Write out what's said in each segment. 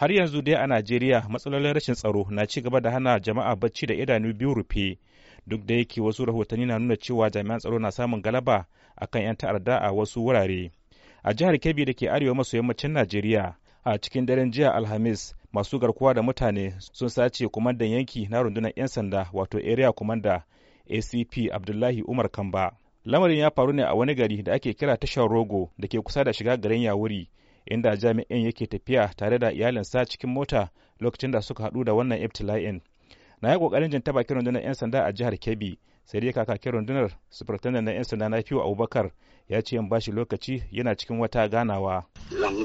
har yanzu dai a najeriya matsalolin rashin tsaro na ci gaba da hana jama'a bacci da idanu biyu rufe duk da yake wasu rahotanni na nuna cewa jami'an tsaro na samun galaba akan 'yan ta'adda a wasu wurare a jihar kebbi da ke arewa maso yammacin najeriya a cikin daren jiya alhamis masu garkuwa da mutane sun sace kumandan yanki na rundunar 'yan sanda wato area commander acp abdullahi umar kamba lamarin ya faru ne a wani gari da ake kira tashar rogo da ke kusa da shiga garin yawuri inda jami'in yake tafiya tare da iyalinsa cikin mota lokacin da suka haɗu da wannan iftilain na yi ƙoƙarin jin taba bakin rundunar 'yan sanda a jihar kebbi sai dai kakakin rundunar superintendent na 'yan sanda na fiwa abubakar ya ce in bashi lokaci yana cikin wata ganawa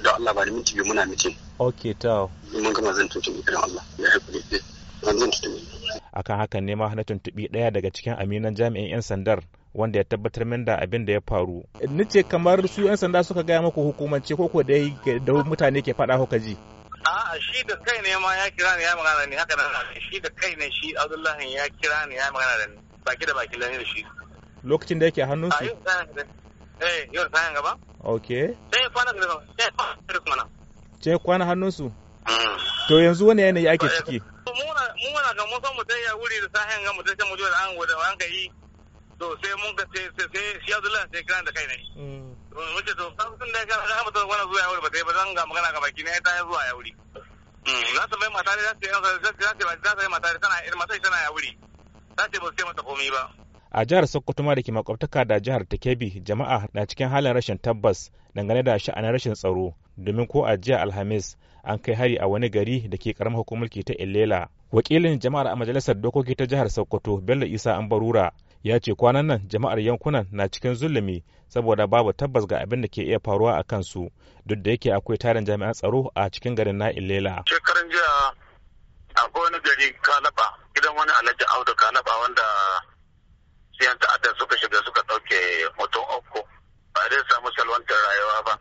da Allah ba da minti biyu muna mice ok ta mun gama zan tuntun kiran Allah ya haifu ne a kan akan hakan ne ma na tuntubi ɗaya daga cikin aminan jami'in 'yan sandar wanda ya tabbatar min da abin da ya faru ni ce kamar su yan sanda suka gaya maku hukumance ko ko dai da mutane ke faɗa ko ji a'a shi da kai ne ma ya kira ni ya magana ni haka nan shi da kai ne shi Abdullahi ya kira ni ya magana da ni baki da baki lani da shi lokacin da yake hannun su eh yau sayan gaba okay sai kwana da sai kwana da ce kwana hannun su mm. to yanzu wani yanayi ake ciki mu muna ga mun san mu ya wuri da sahen ga mu sai mu je da an gode an ga yi to sai mun ga sai sai shi Abdullahi sai kana da kai ne muke mm. to kafin da kana da mutum wani zuwa yauri ba sai ba zan ga magana ga baki ne ta zuwa ya wuri. na mm, san mai mata ne za za su su da za su ta mata tana irin mata tana yauri ta ce ba su sai mata komai ba a jihar Sokoto ma da ke makwabtaka da jihar Takebi jama'a na cikin halin rashin tabbas dangane da sha'anin rashin tsaro domin ko a jiya Alhamis an kai hari a wani gari da ke karamar hukumar ta Ilela wakilin jama'ar a majalisar dokoki ta jihar Sokoto Bello Isa Ambarura ya ce kwanan nan jama'ar yankunan na cikin zulumi saboda babu tabbas ga abin da ke iya faruwa a kansu duk da yake akwai tarin jami'an tsaro a cikin garin na ilela shekaran jiya akwai wani gari kalaba gidan wani alhaji audu kalaba wanda siyan ta'adda suka shiga suka ɗauke mutum uku ba dai samu salwantar rayuwa ba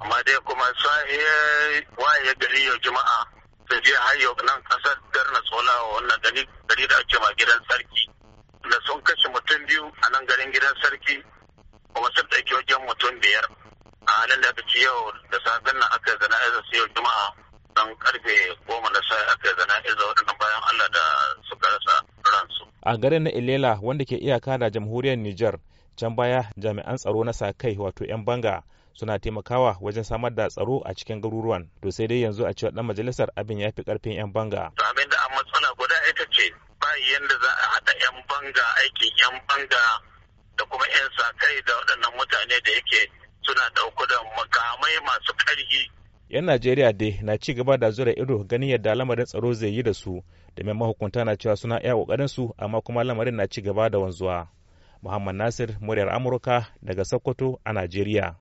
amma dai kuma waye gari ya jima'a sun je har nan kasar na tsola wannan gari da ake ma gidan sarki da sun kashe mutum biyu a nan garin gidan sarki kuma sun ɗauki wajen mutum biyar a halin da aka ci yau da safe nan aka zana izo su yau juma'a don karfe goma na sa aka zana izo waɗannan bayan allah da suka rasa ransu. a garin na ilela wanda ke iyaka da jamhuriyar niger can baya jami'an tsaro na sa kai wato 'yan banga suna taimakawa wajen samar da tsaro a cikin garuruwan to sai dai yanzu a cewa dan majalisar abin ya fi karfin 'yan banga. yadda za a haɗa 'yan banga aikin 'yan banga da kuma 'yan sa-kai da waɗannan mutane da yake suna ɗauku da makamai masu ƙarfi. 'Yan Najeriya dai na ci gaba da zura ido ganin yadda lamarin tsaro zai yi da su da mai mahukunta na cewa suna iya ƙoƙarin su amma kuma lamarin na ci gaba da wanzuwa. Muhammad Nasir, muryar Amurka daga Sokoto a Najeriya.